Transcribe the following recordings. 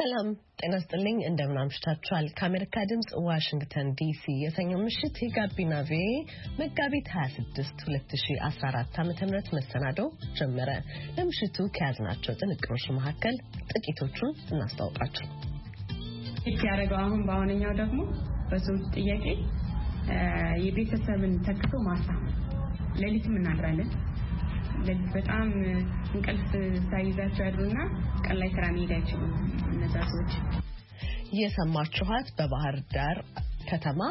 ሰላም ጤና ስጥልኝ። እንደምን አምሽታችኋል? ከአሜሪካ ድምፅ ዋሽንግተን ዲሲ የሰኞ ምሽት የጋቢና ቪኦኤ መጋቢት 26 2014 ዓ ም መሰናዶ ጀመረ። ለምሽቱ ከያዝናቸው ጥንቅሮች መካከል ጥቂቶቹን እናስታውቃችሁ። ፊት ያደረገው አሁን በአሁነኛው ደግሞ በሰዎች ጥያቄ የቤተሰብን ተክቶ ማሳ ሌሊትም እናድራለን በጣም እንቅልፍ ሳይዛቸው ያሉና ቀን ላይ ስራ መሄድ አይችሉም። ትዕዛዞች የሰማችኋት በባህር ዳር ከተማ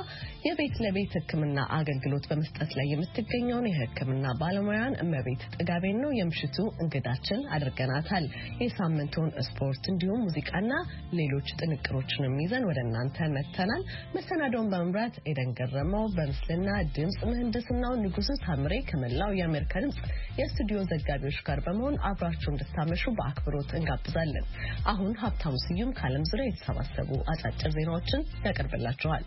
የቤት ለቤት ሕክምና አገልግሎት በመስጠት ላይ የምትገኘውን የሕክምና ባለሙያን እመቤት ጥጋቤን ነው የምሽቱ እንግዳችን አድርገናታል። የሳምንቱን ስፖርት እንዲሁም ሙዚቃና ሌሎች ጥንቅሮችንም ይዘን ወደ እናንተ መጥተናል። መሰናዶውን በመምራት ኤደን ገረመው፣ በምስልና ድምፅ ምህንድስናው ንጉሱ ታምሬ ከመላው የአሜሪካ ድምፅ የስቱዲዮ ዘጋቢዎች ጋር በመሆን አብራችሁ እንድታመሹ በአክብሮት እንጋብዛለን። አሁን ሀብታሙ ስዩም ከዓለም ዙሪያ የተሰባሰቡ አጫጭር ዜናዎችን ያቀርብላችኋል።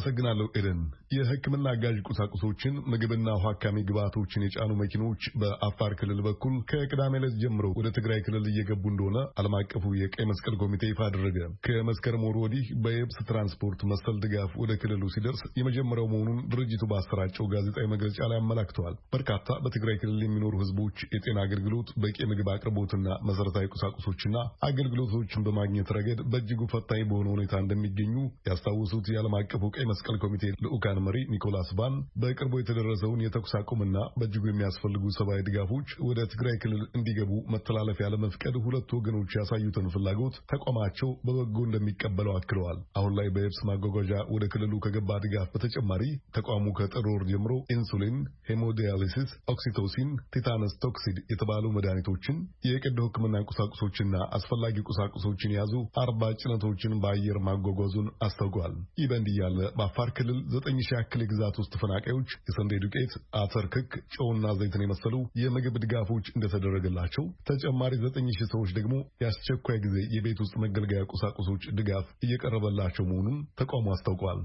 አመሰግናለሁ ኤደን። የሕክምና አጋዥ ቁሳቁሶችን ምግብና ውሃ አካሚ ግብዓቶችን የጫኑ መኪኖች በአፋር ክልል በኩል ከቅዳሜ ዕለት ጀምሮ ወደ ትግራይ ክልል እየገቡ እንደሆነ ዓለም አቀፉ የቀይ መስቀል ኮሚቴ ይፋ አደረገ። ከመስከረም ወር ወዲህ በየብስ ትራንስፖርት መሰል ድጋፍ ወደ ክልሉ ሲደርስ የመጀመሪያው መሆኑን ድርጅቱ ባሰራጨው ጋዜጣዊ መግለጫ ላይ አመላክተዋል። በርካታ በትግራይ ክልል የሚኖሩ ሕዝቦች የጤና አገልግሎት፣ በቂ ምግብ አቅርቦትና መሰረታዊ ቁሳቁሶችና አገልግሎቶችን በማግኘት ረገድ በእጅጉ ፈታኝ በሆነ ሁኔታ እንደሚገኙ ያስታወሱት የዓለም አቀፉ ቀይ መስቀል ኮሚቴ ልዑካን መሪ ኒኮላስ ባን በቅርቡ የተደረሰውን የተኩስ አቁምና በእጅጉ የሚያስፈልጉ ሰብአዊ ድጋፎች ወደ ትግራይ ክልል እንዲገቡ መተላለፍ ያለመፍቀድ ሁለቱ ወገኖች ያሳዩትን ፍላጎት ተቋማቸው በበጎ እንደሚቀበለው አክለዋል። አሁን ላይ በየብስ ማጓጓዣ ወደ ክልሉ ከገባ ድጋፍ በተጨማሪ ተቋሙ ከጥር ወር ጀምሮ ኢንሱሊን፣ ሄሞዲያሊሲስ፣ ኦክሲቶሲን፣ ቲታነስ ቶክሲድ የተባሉ መድኃኒቶችን የቀዶ ሕክምና ቁሳቁሶችና አስፈላጊ ቁሳቁሶችን የያዙ አርባ ጭነቶችን በአየር ማጓጓዙን አስታውቋል። ይህ በእንዲህ ያለ በአፋር ክልል ዘጠኝ ሺህ ያክል የግዛት ውስጥ ተፈናቃዮች የስንዴ ዱቄት፣ አተር፣ ክክ፣ ጨውና ዘይትን የመሰሉ የምግብ ድጋፎች እንደተደረገላቸው፣ ተጨማሪ ዘጠኝ ሺህ ሰዎች ደግሞ የአስቸኳይ ጊዜ የቤት ውስጥ መገልገያ ቁሳቁሶች ድጋፍ እየቀረበላቸው መሆኑን ተቋሙ አስታውቋል።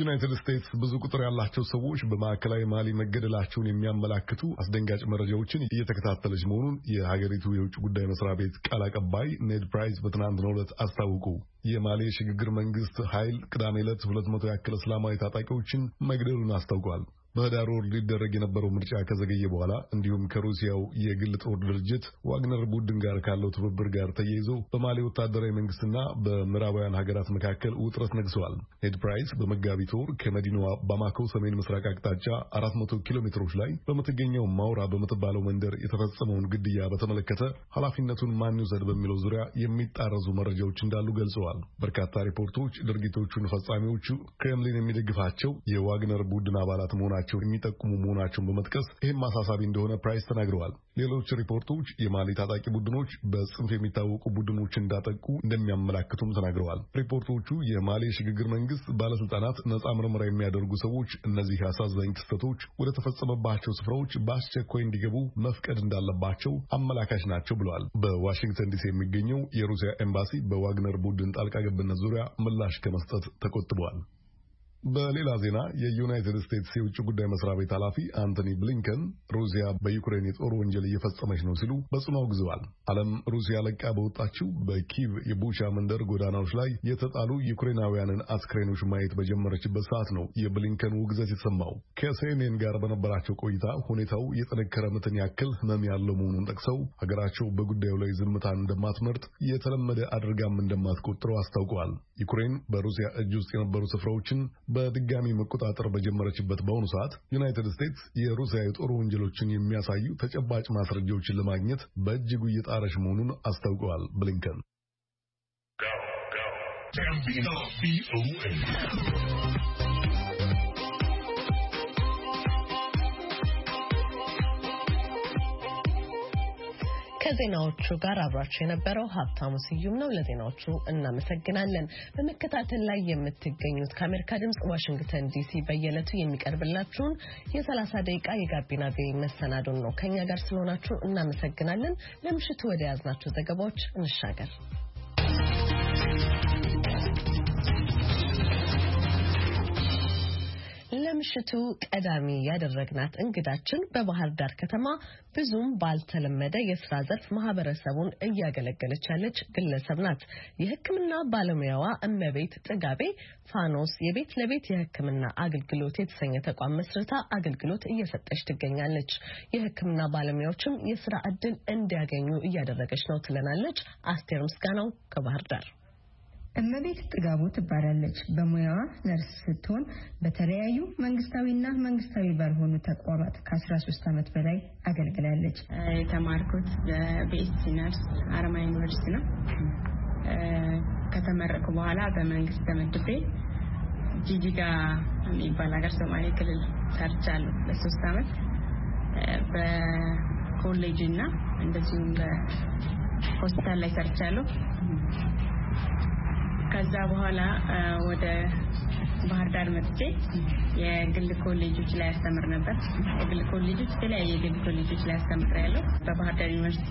ዩናይትድ ስቴትስ ብዙ ቁጥር ያላቸው ሰዎች በማዕከላዊ ማሊ መገደላቸውን የሚያመላክቱ አስደንጋጭ መረጃዎችን እየተከታተለች መሆኑን የሀገሪቱ የውጭ ጉዳይ መስሪያ ቤት ቃል አቀባይ ኔድ ፕራይስ በትናንትናው ዕለት አስታውቁ። የማሊ የሽግግር መንግስት ኃይል ቅዳሜ ዕለት ሁለት መቶ ያክል እስላማዊ ታጣቂዎችን መግደሉን አስታውቋል። በህዳር ወር ሊደረግ የነበረው ምርጫ ከዘገየ በኋላ እንዲሁም ከሩሲያው የግል ጦር ድርጅት ዋግነር ቡድን ጋር ካለው ትብብር ጋር ተያይዞ በማሊ ወታደራዊ መንግስትና በምዕራባውያን ሀገራት መካከል ውጥረት ነግሰዋል። ኔድ ፕራይስ በመጋቢት ወር ከመዲናዋ ባማኮ ሰሜን ምስራቅ አቅጣጫ 400 ኪሎ ሜትሮች ላይ በምትገኘው ማውራ በምትባለው መንደር የተፈጸመውን ግድያ በተመለከተ ኃላፊነቱን ማን ይውሰድ በሚለው ዙሪያ የሚጣረዙ መረጃዎች እንዳሉ ገልጸዋል። በርካታ ሪፖርቶች ድርጊቶቹን ፈጻሚዎቹ ክሬምሊን የሚደግፋቸው የዋግነር ቡድን አባላት መሆናቸው መሆናቸው የሚጠቁሙ መሆናቸውን በመጥቀስ ይህም አሳሳቢ እንደሆነ ፕራይስ ተናግረዋል። ሌሎች ሪፖርቶች የማሊ ታጣቂ ቡድኖች በጽንፍ የሚታወቁ ቡድኖች እንዳጠቁ እንደሚያመላክቱም ተናግረዋል። ሪፖርቶቹ የማሊ የሽግግር መንግስት ባለስልጣናት ነፃ ምርመራ የሚያደርጉ ሰዎች እነዚህ አሳዛኝ ክስተቶች ወደ ተፈጸመባቸው ስፍራዎች በአስቸኳይ እንዲገቡ መፍቀድ እንዳለባቸው አመላካች ናቸው ብለዋል። በዋሽንግተን ዲሲ የሚገኘው የሩሲያ ኤምባሲ በዋግነር ቡድን ጣልቃ ገብነት ዙሪያ ምላሽ ከመስጠት ተቆጥበዋል። በሌላ ዜና የዩናይትድ ስቴትስ የውጭ ጉዳይ መስሪያ ቤት ኃላፊ አንቶኒ ብሊንከን ሩሲያ በዩክሬን የጦር ወንጀል እየፈጸመች ነው ሲሉ በጽኑ አውግዘዋል። ዓለም ሩሲያ ለቃ በወጣችው በኪቭ የቡቻ መንደር ጎዳናዎች ላይ የተጣሉ ዩክሬናውያንን አስክሬኖች ማየት በጀመረችበት ሰዓት ነው የብሊንከን ውግዘት የተሰማው። ከሲኤንኤን ጋር በነበራቸው ቆይታ ሁኔታው የጠነከረ ምትን ያክል ህመም ያለው መሆኑን ጠቅሰው ሀገራቸው በጉዳዩ ላይ ዝምታን እንደማትመርጥ የተለመደ አድርጋም እንደማትቆጥረው አስታውቀዋል። ዩክሬን በሩሲያ እጅ ውስጥ የነበሩ ስፍራዎችን በድጋሚ መቆጣጠር በጀመረችበት በአሁኑ ሰዓት ዩናይትድ ስቴትስ የሩሲያ የጦር ወንጀሎችን የሚያሳዩ ተጨባጭ ማስረጃዎችን ለማግኘት በእጅጉ እየጣረች መሆኑን አስታውቀዋል ብሊንከን። ጋቢና ቪኦኤ ከዜናዎቹ ጋር አብራችሁ የነበረው ሀብታሙ ስዩም ነው። ለዜናዎቹ እናመሰግናለን። በመከታተል ላይ የምትገኙት ከአሜሪካ ድምፅ ዋሽንግተን ዲሲ በየዕለቱ የሚቀርብላችሁን የሰላሳ ደቂቃ የጋቢና ቤ መሰናዶን ነው። ከኛ ጋር ስለሆናችሁ እናመሰግናለን። ለምሽቱ ወደ ያዝናቸው ዘገባዎች እንሻገር። ምሽቱ ቀዳሚ ያደረግናት እንግዳችን በባህር ዳር ከተማ ብዙም ባልተለመደ የስራ ዘርፍ ማህበረሰቡን እያገለገለች ያለች ግለሰብ ናት። የሕክምና ባለሙያዋ እመቤት ጥጋቤ ፋኖስ የቤት ለቤት የሕክምና አገልግሎት የተሰኘ ተቋም መስርታ አገልግሎት እየሰጠች ትገኛለች። የሕክምና ባለሙያዎችም የስራ እድል እንዲያገኙ እያደረገች ነው ትለናለች። አስቴር ምስጋናው ከባህር ዳር እመቤት ጥጋቡ ትባላለች። በሙያዋ ነርስ ስትሆን በተለያዩ መንግስታዊና መንግስታዊ ባልሆኑ ተቋማት ከ13 ዓመት በላይ አገልግላለች። የተማርኩት በቤስቲ ነርስ አረማ ዩኒቨርሲቲ ነው። ከተመረቁ በኋላ በመንግስት ተመድቤ ጂጂጋ የሚባል ሀገር ሶማሌ ክልል ሰርቻለሁ ለሶስት ዓመት በኮሌጅ እና እንደዚሁም በሆስፒታል ላይ ሰርቻለሁ። ከዛ በኋላ ወደ ባህር ዳር መጥቼ የግል ኮሌጆች ላይ ያስተምር ነበር። የግል ኮሌጆች የተለያየ የግል ኮሌጆች ላይ አስተምር ያለው በባህር ዳር ዩኒቨርሲቲ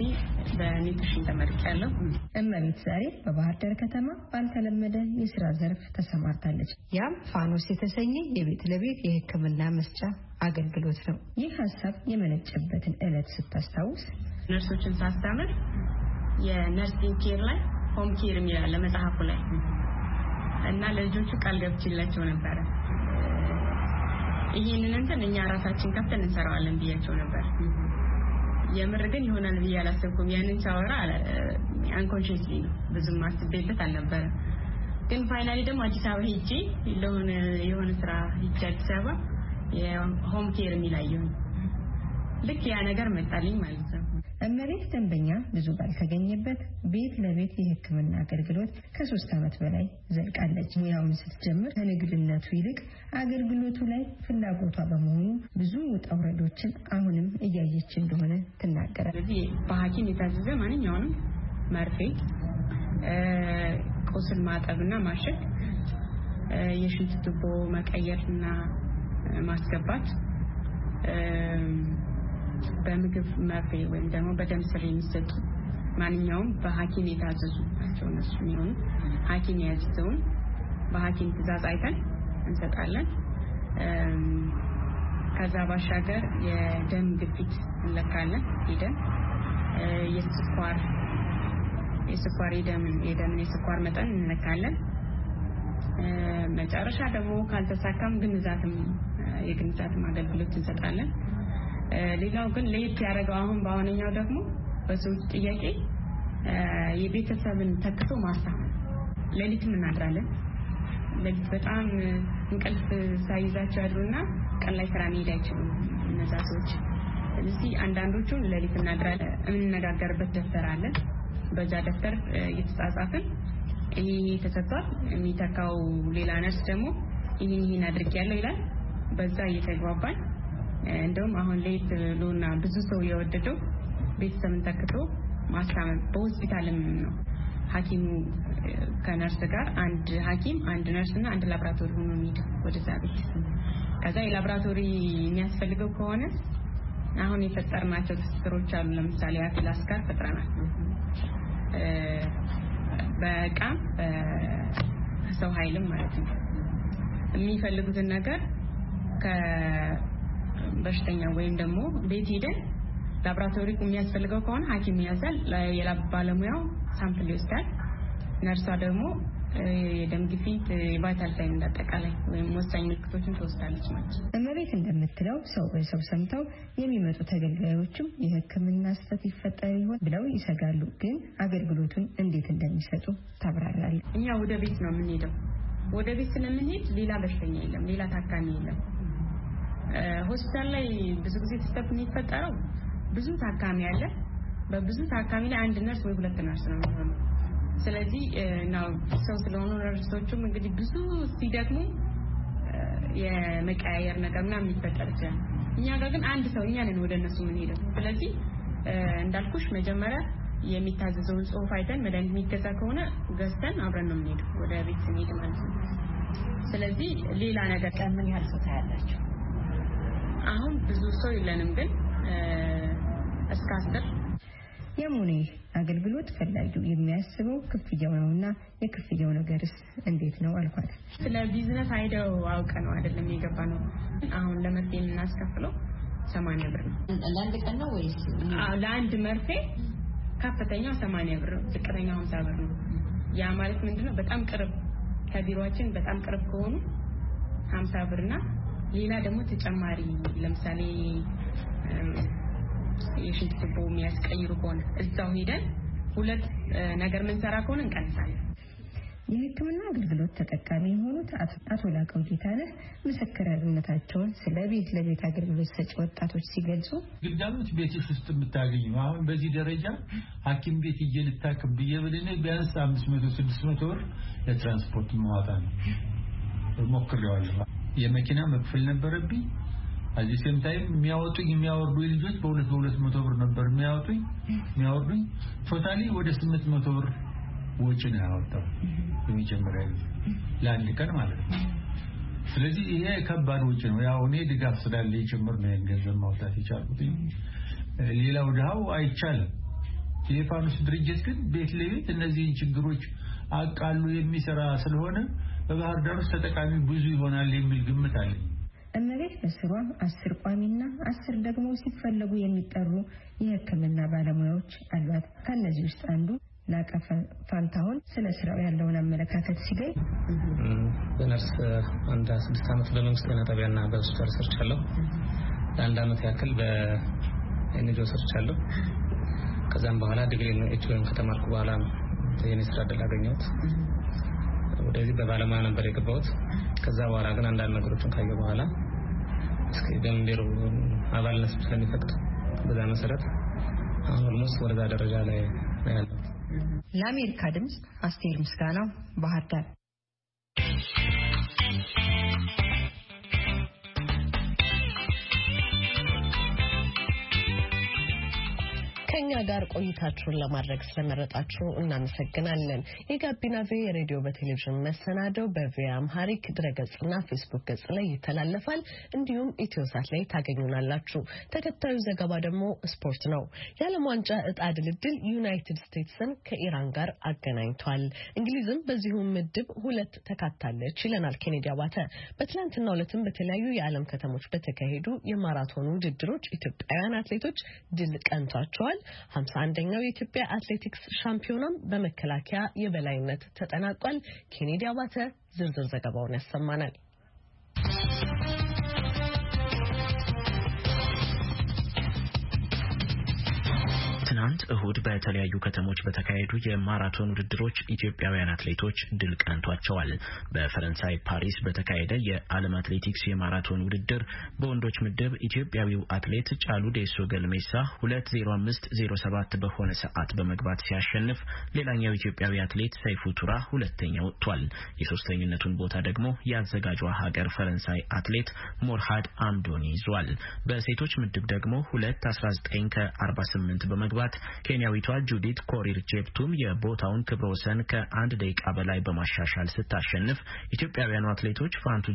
በኒውትሪሽን ተመርቅ ያለው እመቤት ዛሬ በባህር ዳር ከተማ ባልተለመደ የስራ ዘርፍ ተሰማርታለች። ያም ፋኖስ የተሰኘ የቤት ለቤት የሕክምና መስጫ አገልግሎት ነው። ይህ ሀሳብ የመነጨበትን እለት ስታስታውስ ነርሶችን ሳስተምር የነርሲንግ ኬር ላይ ሆም ኬር የሚላለ መጽሐፉ ላይ እና ለልጆቹ ቃል ገብቼላቸው ነበረ። ይሄንን እንትን እኛ ራሳችን ከፍተን እንሰራዋለን ብያቸው ነበር። የምር ግን ይሆናል ብዬ አላሰብኩም። ያንን ሳወራ አንኮንሽስሊ ነው ብዙም አስቤበት አልነበረም። ግን ፋይናሊ ደግሞ አዲስ አበባ ሄጂ ለሆነ የሆነ ስራ ሄጄ አዲስ አበባ የሆም ኬር የሚላየው ልክ ያ ነገር መጣልኝ ማለት ነው። እመቤት ደንበኛ ብዙ ባልተገኘበት ቤት ለቤት የሕክምና አገልግሎት ከሶስት ዓመት በላይ ዘልቃለች። ሙያውን ስትጀምር ከንግድነቱ ይልቅ አገልግሎቱ ላይ ፍላጎቷ በመሆኑ ብዙ ውጣ ውረዶችን አሁንም እያየች እንደሆነ ትናገራል። ስለዚህ በሐኪም የታዘዘ ማንኛውንም መርፌ፣ ቁስል ማጠብና ማሸግ፣ የሽንት ቱቦ መቀየርና ማስገባት በምግብ መርፌ ወይም ደግሞ በደም ስር የሚሰጡ ማንኛውም በሐኪም የታዘዙ ናቸው። እነሱ የሚሆኑ ሐኪም የያዘዘውን በሐኪም ትእዛዝ አይተን እንሰጣለን። ከዛ ባሻገር የደም ግፊት እንለካለን። ሄደን የስኳር የስኳር የደምን የስኳር መጠን እንለካለን። መጨረሻ ደግሞ ካልተሳካም ግንዛትም የግንዛትም አገልግሎት እንሰጣለን። ሌላው ግን ለየት ያደረገው አሁን በአሁነኛው ደግሞ በሰዎች ጥያቄ የቤተሰብን ተክቶ ማሳ ሌሊትም እናድራለን። ሌሊት በጣም እንቅልፍ ሳይዛቸው ያድሩና ቀን ላይ ስራ መሄድ አይችሉም እነዛ ሰዎች። ስለዚህ አንዳንዶቹን ሌሊት እናድራለን። የምንነጋገርበት ደብተር አለን። በዛ ደብተር እየተጻጻፍን ይሄ ተሰጥቷል፣ የሚተካው ሌላ ነርስ ደግሞ ይህን ይህን አድርጌያለሁ ይላል። በዛ እየተግባባን እንደውም አሁን ሌት ሉና ብዙ ሰው የወደደው ቤተሰብን ተክቶ ማስታመም በሆስፒታልም ነው። ሐኪሙ ከነርስ ጋር አንድ ሐኪም አንድ ነርስ እና አንድ ላብራቶሪ ሆኖ የሚሄደው ወደዛ ቤት። ከዛ የላብራቶሪ የሚያስፈልገው ከሆነ አሁን የፈጠርናቸው ትስስሮች አሉ። ለምሳሌ አትላስ ጋር ፈጥረናል። በእቃም በሰው ኃይልም ማለት ነው የሚፈልጉትን ነገር በሽተኛ ወይም ደግሞ ቤት ሄደን ላብራቶሪ የሚያስፈልገው ከሆነ ሐኪም ያዛል። የላብ ባለሙያው ሳምፕል ይወስዳል። ነርሷ ደግሞ የደም ግፊት፣ የቫይታል ሳይን እንዳጠቃላይ ወይም ወሳኝ ምልክቶችን ትወስዳለች ማለት ነው። እመቤት እንደምትለው ሰው በሰው ሰምተው የሚመጡ ተገልጋዮችም የሕክምና ስህተት ይፈጠር ይሆን ብለው ይሰጋሉ። ግን አገልግሎቱን እንዴት እንደሚሰጡ ታብራራለች። እኛ ወደ ቤት ነው የምንሄደው። ወደ ቤት ስለምንሄድ ሌላ በሽተኛ የለም፣ ሌላ ታካሚ የለም። ሆስፒታል ላይ ብዙ ጊዜ ስህተት የሚፈጠረው ብዙ ታካሚ አለ። በብዙ ታካሚ ላይ አንድ ነርስ ወይ ሁለት ነርስ ነው የሚሆነው። ስለዚህ ናው ሰው ስለሆኑ ነርሶቹም እንግዲህ ብዙ ሲደክሙ የመቀያየር ነገር ምናምን የሚፈጠር ይችላል። እኛ ጋር ግን አንድ ሰው እኛ ነን ወደ እነሱ የምንሄደው። ስለዚህ እንዳልኩሽ መጀመሪያ የሚታዘዘውን ጽሁፍ አይተን መድኃኒት የሚገዛ ከሆነ ገዝተን አብረን ነው የምንሄደው ወደ ቤት ስንሄድ ማለት ነው። ስለዚህ ሌላ ነገር ቀን ምን ያህል ሰው ታያላቸው? አሁን ብዙ ሰው የለንም፣ ግን እስከ አስር የሙኔ አገልግሎት ፈላጊው የሚያስበው ክፍያው ነውና የክፍያው ነገርስ እንዴት ነው አልኳት። ስለ ቢዝነስ አይደው አውቀ ነው አይደለም የገባ ነው። አሁን ለመርፌ የምናስከፍለው ሰማንያ ብር ነው። ለአንድ ቀን ነው ወይስ ለአንድ መርፌ? ከፍተኛው ሰማንያ ብር ነው፣ ዝቅተኛው ሀምሳ ብር ነው። ያ ማለት ምንድነው? በጣም ቅርብ ከቢሮችን በጣም ቅርብ ከሆኑ ሀምሳ ብርና ሌላ ደግሞ ተጨማሪ ለምሳሌ የሽንት ቱቦ የሚያስቀይሩ ከሆነ እዛው ሄደን ሁለት ነገር ምንሰራ ከሆነ እንቀንሳለን። የሕክምና አገልግሎት ተጠቃሚ የሆኑት አቶ ላቀው ጌታነህ ምስክርነታቸውን ስለ ቤት ለቤት አገልግሎት ሰጪ ወጣቶች ሲገልጹ ግልጋሎት ቤትሽ ውስጥ የምታገኝ አሁን በዚህ ደረጃ ሐኪም ቤት እየ ልታክም ብዬ ብልን ቢያንስ አምስት መቶ ስድስት መቶ ብር ለትራንስፖርት መዋጣ ነው ሞክሬዋለሁ። የመኪና መክፈል ነበረብኝ። አዚ ሴም ታይም የሚያወጡኝ የሚያወርዱ ልጆች በሁለት በሁለት መቶ ብር ነበር የሚያወጡኝ የሚያወርዱኝ። ቶታሊ ወደ ስምንት መቶ ብር ወጪ ነው ያወጣው የመጀመሪያ ጊዜ ለአንድ ቀን ማለት ነው። ስለዚህ ይሄ ከባድ ወጪ ነው። ያው እኔ ድጋፍ ስላለ ጭምር ነው ገንዘብ ማውጣት የቻልኩት። ሌላው ድሃው አይቻልም። የፋኖስ ድርጅት ግን ቤት ለቤት እነዚህን ችግሮች አቃሉ የሚሰራ ስለሆነ በባህር ዳር ውስጥ ተጠቃሚ ብዙ ይሆናል የሚል ግምት አለኝ። እመቤት በስሯ አስር ቋሚና አስር ደግሞ ሲፈለጉ የሚጠሩ የሕክምና ባለሙያዎች አሏት። ከእነዚህ ውስጥ አንዱ ናቀ ፋንታሁን ስለ ስራው ያለውን አመለካከት ሲገኝ በነርስ አንድ ስድስት ዓመት በመንግስት ጤና ጣቢያና በሆስፒታል ሰርቻለሁ። ለአንድ ዓመት ያክል በኤንጂኦ ሰርቻለሁ። ከዛም በኋላ ዲግሪ ኤችኤም ከተማርኩ በኋላ የኔ ስራ ዕድል አገኘሁት። ወደዚህ በባለሙያ ነበር የገባሁት። ከዛ በኋላ ግን አንዳንድ ነገሮችን ካየ በኋላ እስኪ ደምቢሮ አባልነት ስለሚፈቅድ በዛ መሰረት አሁን ኦልሞስት ወደዛ ደረጃ ላይ ነው ያለው። ለአሜሪካ ድምፅ አስቴር ምስጋናው ባህር ዳር ከኛ ጋር ቆይታችሁን ለማድረግ ስለመረጣችሁ እናመሰግናለን። የጋቢና ቪ የሬዲዮ በቴሌቪዥን መሰናደው በቪ አምሃሪክ ድረገጽና ፌስቡክ ገጽ ላይ ይተላለፋል። እንዲሁም ኢትዮሳት ላይ ታገኙናላችሁ። ተከታዩ ዘገባ ደግሞ ስፖርት ነው። የዓለም ዋንጫ እጣ ድልድል ዩናይትድ ስቴትስን ከኢራን ጋር አገናኝቷል። እንግሊዝም በዚሁ ምድብ ሁለት ተካታለች ይለናል ኬኔዲ አባተ። በትላንትና ሁለትም በተለያዩ የዓለም ከተሞች በተካሄዱ የማራቶን ውድድሮች ኢትዮጵያውያን አትሌቶች ድል ቀንቷቸዋል። ሀምሳ አንደኛው የኢትዮጵያ አትሌቲክስ ሻምፒዮናም በመከላከያ የበላይነት ተጠናቋል። ኬኔዲ አባተ ዝርዝር ዘገባውን ያሰማናል። ትናንት እሁድ በተለያዩ ከተሞች በተካሄዱ የማራቶን ውድድሮች ኢትዮጵያውያን አትሌቶች ድል ቀንቷቸዋል። በፈረንሳይ ፓሪስ በተካሄደ የዓለም አትሌቲክስ የማራቶን ውድድር በወንዶች ምድብ ኢትዮጵያዊው አትሌት ጫሉ ዴሶ ገልሜሳ ሁለት ዜሮ አምስት ዜሮ ሰባት በሆነ ሰዓት በመግባት ሲያሸንፍ፣ ሌላኛው ኢትዮጵያዊ አትሌት ሰይፉ ቱራ ሁለተኛ ወጥቷል። የሶስተኝነቱን ቦታ ደግሞ የአዘጋጇ ሀገር ፈረንሳይ አትሌት ሞርሃድ አምዶኒ ይዟል። በሴቶች ምድብ ደግሞ ሁለት አስራ ዘጠኝ ከአርባ ስምንት በመግባት ሰዓት ኬንያዊቷ ጁዲት ኮሪር ጄፕቱም የቦታውን ክብረ ወሰን ከአንድ ደቂቃ በላይ በማሻሻል ስታሸንፍ ኢትዮጵያውያኑ አትሌቶች ፋንቱ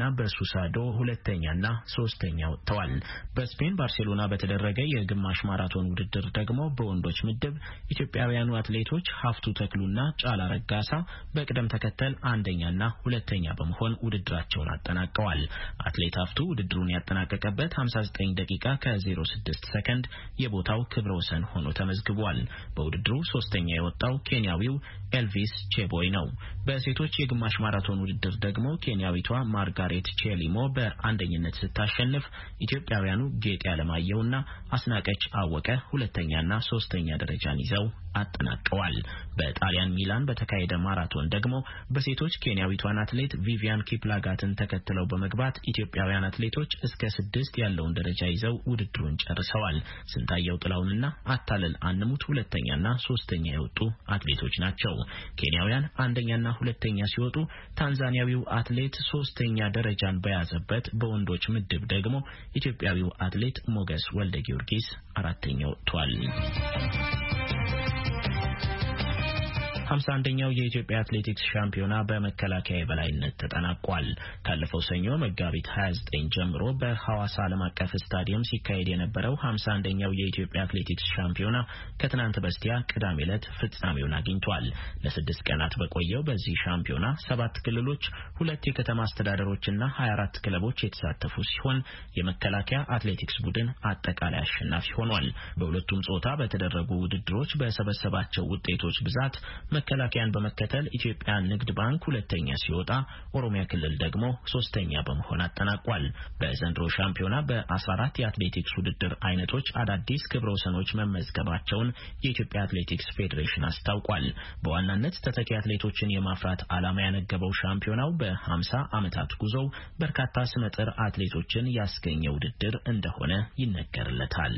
ና በሱሳዶ ሁለተኛና ሶስተኛ ወጥተዋል። በስፔን ባርሴሎና በተደረገ የግማሽ ማራቶን ውድድር ደግሞ በወንዶች ምድብ ኢትዮጵያውያኑ አትሌቶች ሀፍቱ ተክሉና ጫላ ረጋሳ በቅደም ተከተል አንደኛና ሁለተኛ በመሆን ውድድራቸውን አጠናቀዋል። አትሌት ሀፍቱ ውድድሩን ያጠናቀቀበት 59 ደቂቃ ከ06 ሰከንድ የቦታው ክብረ ወሰን ሆኗል። ሆኖ ተመዝግቧል። በውድድሩ ሶስተኛ የወጣው ኬንያዊው ኤልቪስ ቼቦይ ነው። በሴቶች የግማሽ ማራቶን ውድድር ደግሞ ኬንያዊቷ ማርጋሬት ቼሊሞ በአንደኝነት ስታሸንፍ ኢትዮጵያውያኑ ጌጤ አለማየሁና አስናቀች አወቀ ሁለተኛና ሶስተኛ ደረጃን ይዘው አጠናቀዋል። በጣሊያን ሚላን በተካሄደ ማራቶን ደግሞ በሴቶች ኬንያዊቷን አትሌት ቪቪያን ኪፕላጋትን ተከትለው በመግባት ኢትዮጵያውያን አትሌቶች እስከ ስድስት ያለውን ደረጃ ይዘው ውድድሩን ጨርሰዋል። ስንታየው ጥላውንና አታለል አንሙት ሁለተኛና ሶስተኛ የወጡ አትሌቶች ናቸው። ኬንያውያን አንደኛና ሁለተኛ ሲወጡ፣ ታንዛኒያዊው አትሌት ሶስተኛ ደረጃን በያዘበት በወንዶች ምድብ ደግሞ ኢትዮጵያዊው አትሌት ሞገስ ወልደ ጊዮርጊስ አራተኛ ወጥቷል። ሀምሳ አንደኛው የኢትዮጵያ አትሌቲክስ ሻምፒዮና በመከላከያ የበላይነት ተጠናቋል። ካለፈው ሰኞ መጋቢት 29 ጀምሮ በሐዋሳ ዓለም አቀፍ ስታዲየም ሲካሄድ የነበረው ሀምሳ አንደኛው የኢትዮጵያ አትሌቲክስ ሻምፒዮና ከትናንት በስቲያ ቅዳሜ ዕለት ፍጻሜውን አግኝቷል። ለስድስት ቀናት በቆየው በዚህ ሻምፒዮና ሰባት ክልሎች፣ ሁለት የከተማ አስተዳደሮችና 24 ክለቦች የተሳተፉ ሲሆን የመከላከያ አትሌቲክስ ቡድን አጠቃላይ አሸናፊ ሆኗል። በሁለቱም ጾታ በተደረጉ ውድድሮች በሰበሰባቸው ውጤቶች ብዛት መከላከያን በመከተል ኢትዮጵያ ንግድ ባንክ ሁለተኛ ሲወጣ ኦሮሚያ ክልል ደግሞ ሶስተኛ በመሆን አጠናቋል። በዘንድሮ ሻምፒዮና በ14 የአትሌቲክስ ውድድር አይነቶች አዳዲስ ክብረ ወሰኖች መመዝገባቸውን የኢትዮጵያ አትሌቲክስ ፌዴሬሽን አስታውቋል። በዋናነት ተተኪ አትሌቶችን የማፍራት ዓላማ ያነገበው ሻምፒዮናው በ50 ዓመታት ጉዞው በርካታ ስመጥር አትሌቶችን ያስገኘ ውድድር እንደሆነ ይነገርለታል።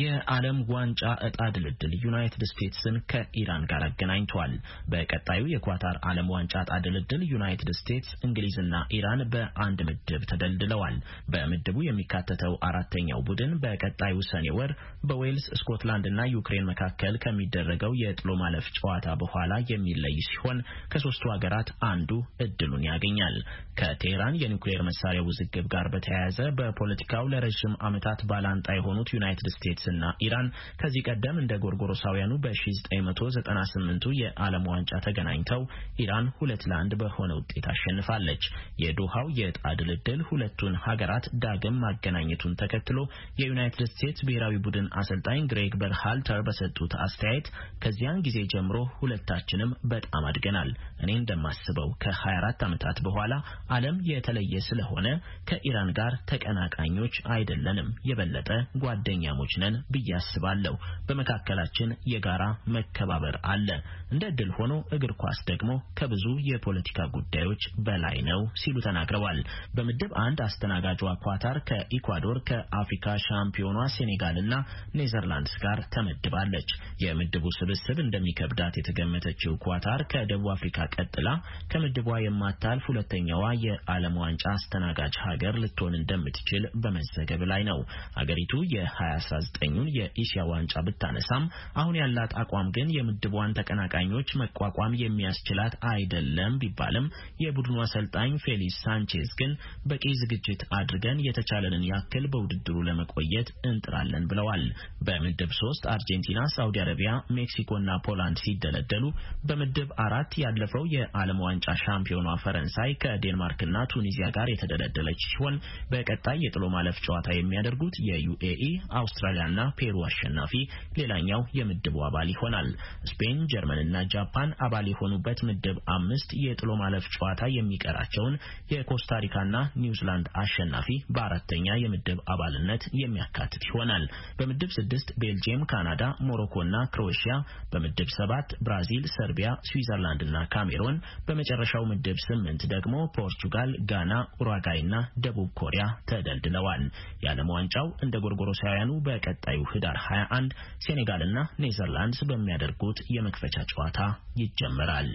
የዓለም ዋንጫ እጣ ድልድል ዩናይትድ ስቴትስን ከኢራን ጋር አገናኝቷል። በቀጣዩ የኳታር ዓለም ዋንጫ እጣ ድልድል ዩናይትድ ስቴትስ፣ እንግሊዝና ኢራን በአንድ ምድብ ተደልድለዋል። በምድቡ የሚካተተው አራተኛው ቡድን በቀጣዩ ሰኔ ወር በዌልስ ስኮትላንድና ዩክሬን መካከል ከሚደረገው የጥሎ ማለፍ ጨዋታ በኋላ የሚለይ ሲሆን ከሶስቱ ሀገራት አንዱ እድሉን ያገኛል። ከቴህራን የኒውክሌር መሳሪያ ውዝግብ ጋር በተያያዘ በፖለቲካው ለረዥም ዓመታት ባላንጣ የሆኑት ዩናይትድ ስቴትስ እና ኢራን ከዚህ ቀደም እንደ ጎርጎሮሳውያኑ በ1998ቱ የዓለም ዋንጫ ተገናኝተው ኢራን ሁለት ለአንድ በሆነ ውጤት አሸንፋለች። የዶሃው የዕጣ ድልድል ሁለቱን ሀገራት ዳግም ማገናኘቱን ተከትሎ የዩናይትድ ስቴትስ ብሔራዊ ቡድን አሰልጣኝ ግሬግ በርሃልተር በሰጡት አስተያየት ከዚያን ጊዜ ጀምሮ ሁለታችንም በጣም አድገናል። እኔ እንደማስበው ከ24 ዓመታት በኋላ ዓለም የተለየ ስለሆነ ከኢራን ጋር ተቀናቃኞች አይደለንም፣ የበለጠ ጓደኛሞች ነን ነን ብዬ አስባለሁ። በመካከላችን የጋራ መከባበር አለ። እንደ እድል ሆኖ እግር ኳስ ደግሞ ከብዙ የፖለቲካ ጉዳዮች በላይ ነው ሲሉ ተናግረዋል። በምድብ አንድ አስተናጋጇ ኳታር ከኢኳዶር፣ ከአፍሪካ ሻምፒዮኗ ሴኔጋልና ኔዘርላንድስ ጋር ተመድባለች። የምድቡ ስብስብ እንደሚከብዳት የተገመተችው ኳታር ከደቡብ አፍሪካ ቀጥላ ከምድቧ የማታልፍ ሁለተኛዋ የዓለም ዋንጫ አስተናጋጅ ሀገር ልትሆን እንደምትችል በመዘገብ ላይ ነው። ሀገሪቱ የ2019 ዘጠኙን የኤሽያ ዋንጫ ብታነሳም አሁን ያላት አቋም ግን የምድቧን ተቀናቃኞች መቋቋም የሚያስችላት አይደለም ቢባልም የቡድኑ አሰልጣኝ ፌሊክስ ሳንቼዝ ግን በቂ ዝግጅት አድርገን የተቻለንን ያክል በውድድሩ ለመቆየት እንጥራለን ብለዋል። በምድብ ሶስት አርጀንቲና፣ ሳውዲ አረቢያ፣ ሜክሲኮ ና ፖላንድ ሲደለደሉ በምድብ አራት ያለፈው የዓለም ዋንጫ ሻምፒዮኗ ፈረንሳይ ከዴንማርክና ቱኒዚያ ጋር የተደለደለች ሲሆን በቀጣይ የጥሎ ማለፍ ጨዋታ የሚያደርጉት የዩኤኢ አውስትራሊያ ና ፔሩ አሸናፊ ሌላኛው የምድቡ አባል ይሆናል። ስፔን፣ ጀርመንና ጃፓን አባል የሆኑበት ምድብ አምስት የጥሎ ማለፍ ጨዋታ የሚቀራቸውን የኮስታሪካና ኒውዚላንድ አሸናፊ በአራተኛ የምድብ አባልነት የሚያካትት ይሆናል። በምድብ ስድስት ቤልጅየም፣ ካናዳ፣ ሞሮኮና ክሮኤሽያ፣ በምድብ ሰባት ብራዚል፣ ሰርቢያ፣ ስዊዘርላንድና እና ካሜሮን፣ በመጨረሻው ምድብ ስምንት ደግሞ ፖርቱጋል፣ ጋና፣ ኡራጋይ እና ደቡብ ኮሪያ ተደልድለዋል። የዓለም ዋንጫው እንደ ጎርጎሮሳውያኑ በቀ በቀጣዩ ህዳር 21 ሴኔጋልና ኔዘርላንድስ በሚያደርጉት የመክፈቻ ጨዋታ ይጀምራል።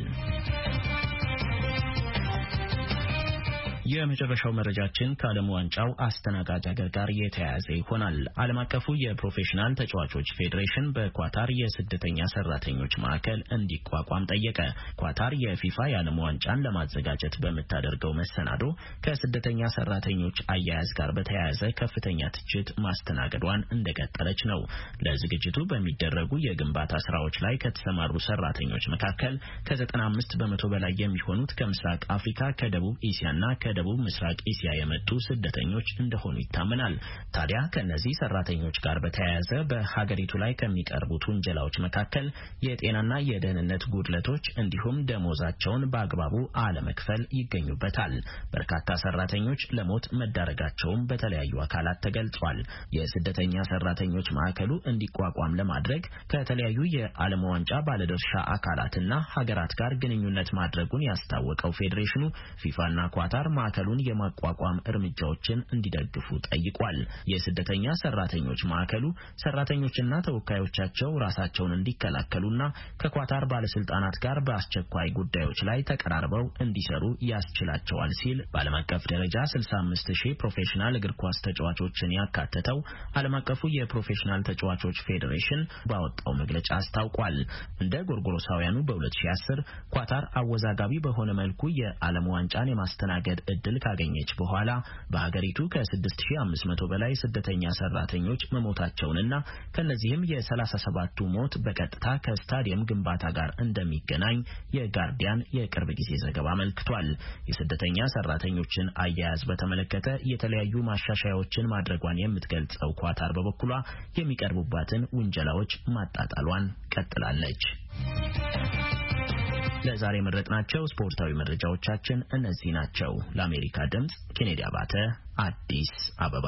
የመጨረሻው መረጃችን ከዓለም ዋንጫው አስተናጋጅ ሀገር ጋር የተያያዘ ይሆናል። ዓለም አቀፉ የፕሮፌሽናል ተጫዋቾች ፌዴሬሽን በኳታር የስደተኛ ሰራተኞች ማዕከል እንዲቋቋም ጠየቀ። ኳታር የፊፋ የዓለም ዋንጫን ለማዘጋጀት በምታደርገው መሰናዶ ከስደተኛ ሰራተኞች አያያዝ ጋር በተያያዘ ከፍተኛ ትችት ማስተናገዷን እንደቀጠለች ነው። ለዝግጅቱ በሚደረጉ የግንባታ ስራዎች ላይ ከተሰማሩ ሰራተኞች መካከል ከ95 በመቶ በላይ የሚሆኑት ከምስራቅ አፍሪካ፣ ከደቡብ እስያና ከደ ከደቡብ ምስራቅ እስያ የመጡ ስደተኞች እንደሆኑ ይታመናል። ታዲያ ከእነዚህ ሰራተኞች ጋር በተያያዘ በሀገሪቱ ላይ ከሚቀርቡት ውንጀላዎች መካከል የጤናና የደህንነት ጉድለቶች እንዲሁም ደሞዛቸውን በአግባቡ አለመክፈል ይገኙበታል። በርካታ ሰራተኞች ለሞት መዳረጋቸውም በተለያዩ አካላት ተገልጿል። የስደተኛ ሰራተኞች ማዕከሉ እንዲቋቋም ለማድረግ ከተለያዩ የዓለም ዋንጫ ባለድርሻ አካላትና ሀገራት ጋር ግንኙነት ማድረጉን ያስታወቀው ፌዴሬሽኑ ፊፋና ኳታር ማዕከሉን የማቋቋም እርምጃዎችን እንዲደግፉ ጠይቋል። የስደተኛ ሰራተኞች ማዕከሉ ሰራተኞችና ተወካዮቻቸው ራሳቸውን እንዲከላከሉና ከኳታር ባለስልጣናት ጋር በአስቸኳይ ጉዳዮች ላይ ተቀራርበው እንዲሰሩ ያስችላቸዋል ሲል በዓለም አቀፍ ደረጃ 65 ሺህ ፕሮፌሽናል እግር ኳስ ተጫዋቾችን ያካተተው ዓለም አቀፉ የፕሮፌሽናል ተጫዋቾች ፌዴሬሽን ባወጣው መግለጫ አስታውቋል። እንደ ጎርጎሮሳውያኑ በ2010 ኳታር አወዛጋቢ በሆነ መልኩ የዓለም ዋንጫን የማስተናገድ እድል ካገኘች በኋላ በሀገሪቱ ከ6500 በላይ ስደተኛ ሰራተኞች መሞታቸውንና ከነዚህም የ37ቱ ሞት በቀጥታ ከስታዲየም ግንባታ ጋር እንደሚገናኝ የጋርዲያን የቅርብ ጊዜ ዘገባ አመልክቷል። የስደተኛ ሰራተኞችን አያያዝ በተመለከተ የተለያዩ ማሻሻያዎችን ማድረጓን የምትገልጸው ኳታር በበኩሏ የሚቀርቡባትን ውንጀላዎች ማጣጣሏን ቀጥላለች። ለዛሬ የመረጥናቸው ስፖርታዊ መረጃዎቻችን እነዚህ ናቸው። ለአሜሪካ ድምፅ ኬኔዲ አባተ አዲስ አበባ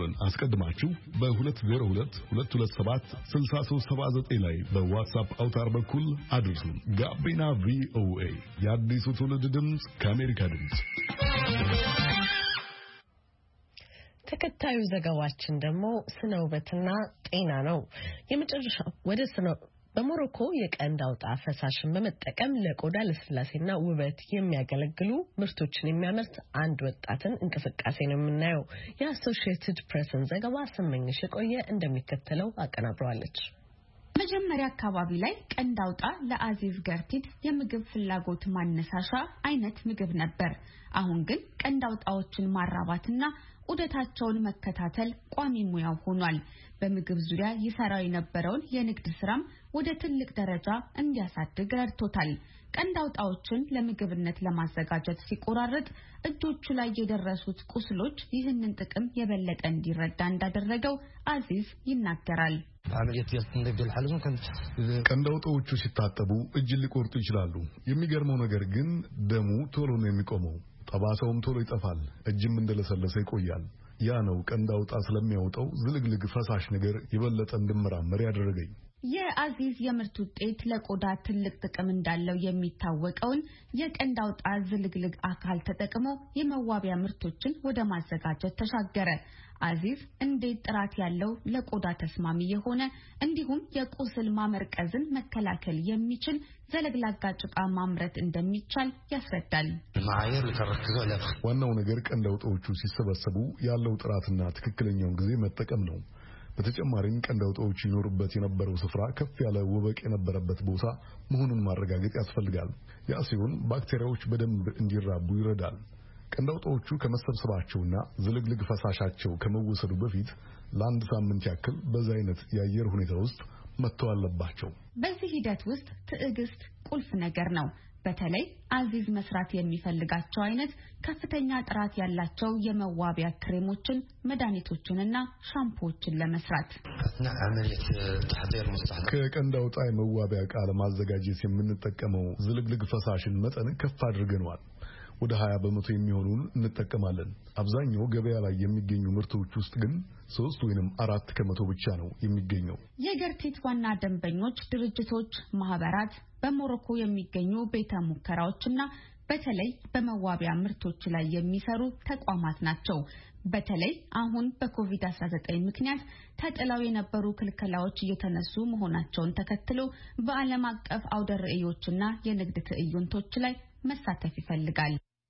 ቁጥርን አስቀድማችሁ በ 6379 ላይ በዋትሳፕ አውታር በኩል አድርሱ። ጋቢና ቪኦኤ የአዲሱ ትውልድ ድምፅ ከአሜሪካ ድምፅ ተከታዩ ዘገባችን ደግሞ ስነ ውበትና ጤና ነው። የመጨረሻ ወደ በሞሮኮ የቀንድ አውጣ ፈሳሽን በመጠቀም ለቆዳ ለስላሴና ውበት የሚያገለግሉ ምርቶችን የሚያመርት አንድ ወጣትን እንቅስቃሴ ነው የምናየው። የአሶሽየትድ ፕሬስን ዘገባ ስመኝሽ የቆየ እንደሚከተለው አቀናብረዋለች። መጀመሪያ አካባቢ ላይ ቀንድ አውጣ ለአዚዝ ገርቲት የምግብ ፍላጎት ማነሳሻ አይነት ምግብ ነበር። አሁን ግን ቀንድ አውጣዎችን ማራባትና ዑደታቸውን መከታተል ቋሚ ሙያው ሆኗል። በምግብ ዙሪያ ይሰራው የነበረውን የንግድ ስራም ወደ ትልቅ ደረጃ እንዲያሳድግ ረድቶታል። ቀንድ አውጣዎችን ለምግብነት ለማዘጋጀት ሲቆራረጥ እጆቹ ላይ የደረሱት ቁስሎች ይህንን ጥቅም የበለጠ እንዲረዳ እንዳደረገው አዚዝ ይናገራል። አምሬት የእንደገል ሐለዙ ቀንዳውጦቹ ሲታጠቡ እጅ ሊቆርጡ ይችላሉ። የሚገርመው ነገር ግን ደሙ ቶሎ ነው የሚቆመው። ጠባሳውም ቶሎ ይጠፋል። እጅም እንደለሰለሰ ይቆያል። ያ ነው ቀንዳውጣ ስለሚያወጣው ዝልግልግ ፈሳሽ ነገር የበለጠ እንድመራመር ያደረገኝ። የአዚዝ የምርት ውጤት ለቆዳ ትልቅ ጥቅም እንዳለው የሚታወቀውን የቀንድ አውጣ ዝልግልግ አካል ተጠቅሞ የመዋቢያ ምርቶችን ወደ ማዘጋጀት ተሻገረ። አዚዝ እንዴት ጥራት ያለው ለቆዳ ተስማሚ የሆነ እንዲሁም የቁስል ማመርቀዝን መከላከል የሚችል ዘለግላጋ ጭቃ ማምረት እንደሚቻል ያስረዳል። ዋናው ነገር ቀንድ አውጣዎቹ ሲሰበሰቡ ያለው ጥራትና ትክክለኛውን ጊዜ መጠቀም ነው። በተጨማሪም ቀንድ አውጣዎቹ ይኖሩበት የነበረው ስፍራ ከፍ ያለ ወበቅ የነበረበት ቦታ መሆኑን ማረጋገጥ ያስፈልጋል። ያ ሲሆን ባክቴሪያዎች በደንብ እንዲራቡ ይረዳል። ቀንዳውጣዎቹ ከመሰብሰባቸውና ዝልግልግ ፈሳሻቸው ከመወሰዱ በፊት ለአንድ ሳምንት ያክል በዚህ አይነት የአየር ሁኔታ ውስጥ መተው አለባቸው። በዚህ ሂደት ውስጥ ትዕግስት ቁልፍ ነገር ነው። በተለይ አዚዝ መስራት የሚፈልጋቸው አይነት ከፍተኛ ጥራት ያላቸው የመዋቢያ ክሬሞችን፣ መድኃኒቶችንና ሻምፖዎችን ለመስራት ከቀንድ አውጣ የመዋቢያ ዕቃ ለማዘጋጀት የምንጠቀመው ዝልግልግ ፈሳሽን መጠን ከፍ አድርገነዋል። ወደ 20 በመቶ የሚሆኑን እንጠቀማለን። አብዛኛው ገበያ ላይ የሚገኙ ምርቶች ውስጥ ግን ሶስት ወይንም አራት ከመቶ ብቻ ነው የሚገኘው። የገርቴት ዋና ደንበኞች ድርጅቶች፣ ማህበራት በሞሮኮ የሚገኙ ቤተ ሙከራዎችና በተለይ በመዋቢያ ምርቶች ላይ የሚሰሩ ተቋማት ናቸው። በተለይ አሁን በኮቪድ-19 ምክንያት ተጥለው የነበሩ ክልከላዎች እየተነሱ መሆናቸውን ተከትሎ በዓለም አቀፍ አውደ ርዕዮችና የንግድ ትዕይንቶች ላይ መሳተፍ ይፈልጋል።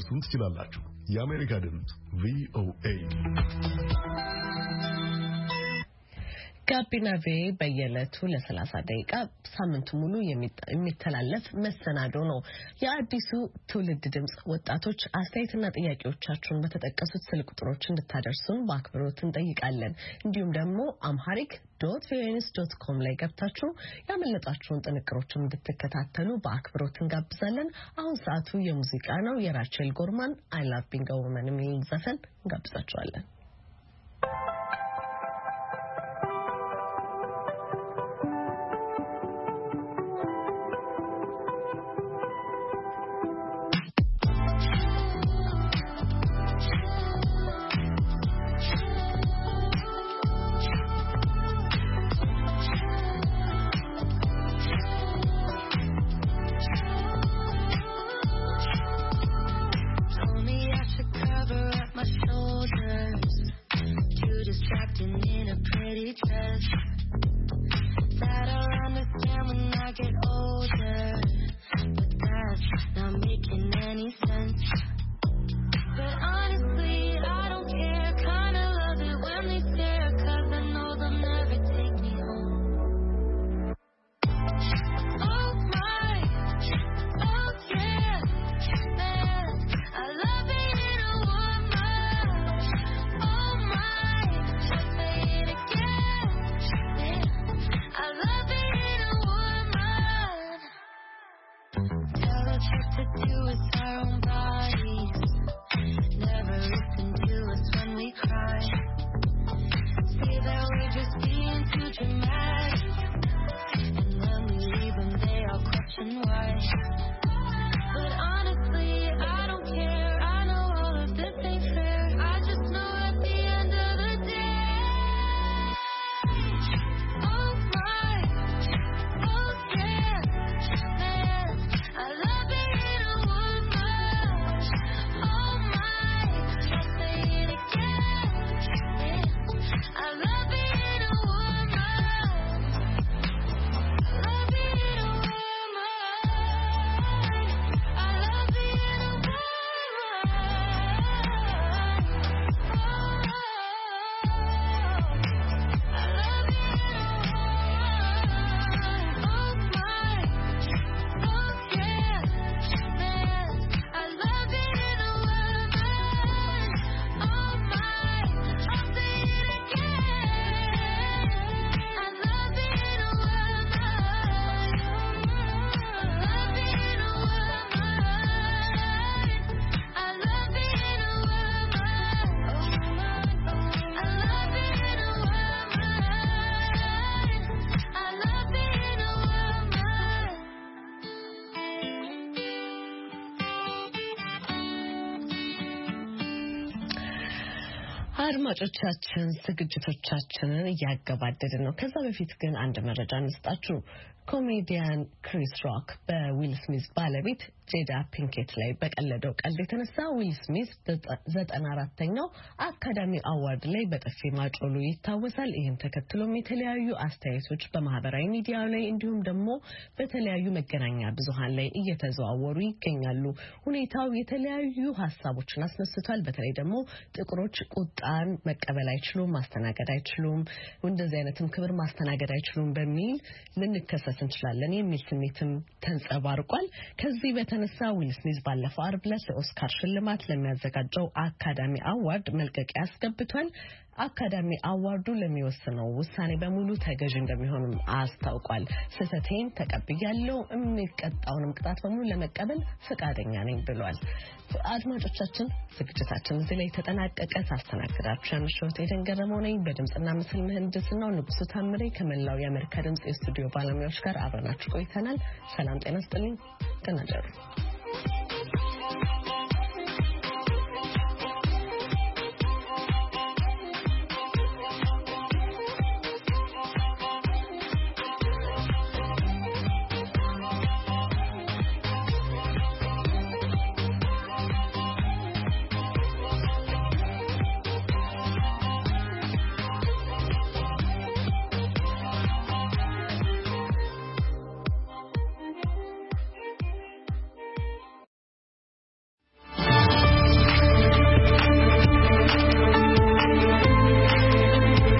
ልታደርሱን ትችላላችሁ። የአሜሪካ ድምፅ ቪኦኤ ጋቢና ቪኦኤ በየዕለቱ ለ30 ደቂቃ ሳምንቱ ሙሉ የሚተላለፍ መሰናዶ ነው። የአዲሱ ትውልድ ድምፅ ወጣቶች አስተያየትና ጥያቄዎቻችሁን በተጠቀሱት ስልክ ቁጥሮች እንድታደርሱን በአክብሮት እንጠይቃለን። እንዲሁም ደግሞ አምሃሪክ ዶት ቪኦኤ ኒውስ ዶት ኮም ላይ ገብታችሁ ያመለጣችሁን ጥንቅሮችም እንድትከታተሉ በአክብሮት እንጋብዛለን። አሁን ሰዓቱ የሙዚቃ ነው። የራቸል ጎርማን አይላቭ ቢንግ ኤ የሚል ዘፈን እንጋብዛችኋለን። አድማጮቻችን ዝግጅቶቻችንን እያገባደድን ነው። ከዛ በፊት ግን አንድ መረጃ እንስጣችሁ። ኮሜዲያን ክሪስ ሮክ በዊል ስሚዝ ባለቤት ጄዳ ፒንኬት ላይ በቀለደው ቀልድ የተነሳ ዊል ስሚዝ ዘጠና አራተኛው አካዳሚ አዋርድ ላይ በጥፊ ማጮሉ ይታወሳል። ይህን ተከትሎም የተለያዩ አስተያየቶች በማህበራዊ ሚዲያ ላይ እንዲሁም ደግሞ በተለያዩ መገናኛ ብዙኃን ላይ እየተዘዋወሩ ይገኛሉ። ሁኔታው የተለያዩ ሀሳቦችን አስነስቷል። በተለይ ደግሞ ጥቁሮች ቁጣን መቀበል አይችሉም፣ ማስተናገድ አይችሉም፣ እንደዚህ አይነትም ክብር ማስተናገድ አይችሉም በሚል ልንከሰስ እንችላለን የሚል ስሜትም ተንጸባርቋል። ከዚህ በተነሳ ዊልስሚዝ ባለፈው አርብ ዕለት ለኦስካር ሽልማት ለሚያዘጋጀው አካዳሚ አዋርድ መልቀቂያ አስገብቷል። አካዳሚ አዋርዱ ለሚወስነው ውሳኔ በሙሉ ተገዥ እንደሚሆንም አስታውቋል። ስህተቴን ተቀብያለሁ፣ የሚቀጣውንም ቅጣት በሙሉ ለመቀበል ፈቃደኛ ነኝ ብሏል። አድማጮቻችን፣ ዝግጅታችን እዚህ ላይ ተጠናቀቀ። ሳስተናግዳችሁ ያመሸሁት ኤደን ገረመው ነኝ። በድምፅና ምስል ምህንድስናው ንጉሱ ታምሬ ከመላው የአሜሪካ ድምፅ የስቱዲዮ ባለሙያዎች ጋር አብረናችሁ ቆይተናል። ሰላም ጤና ስጥልኝ።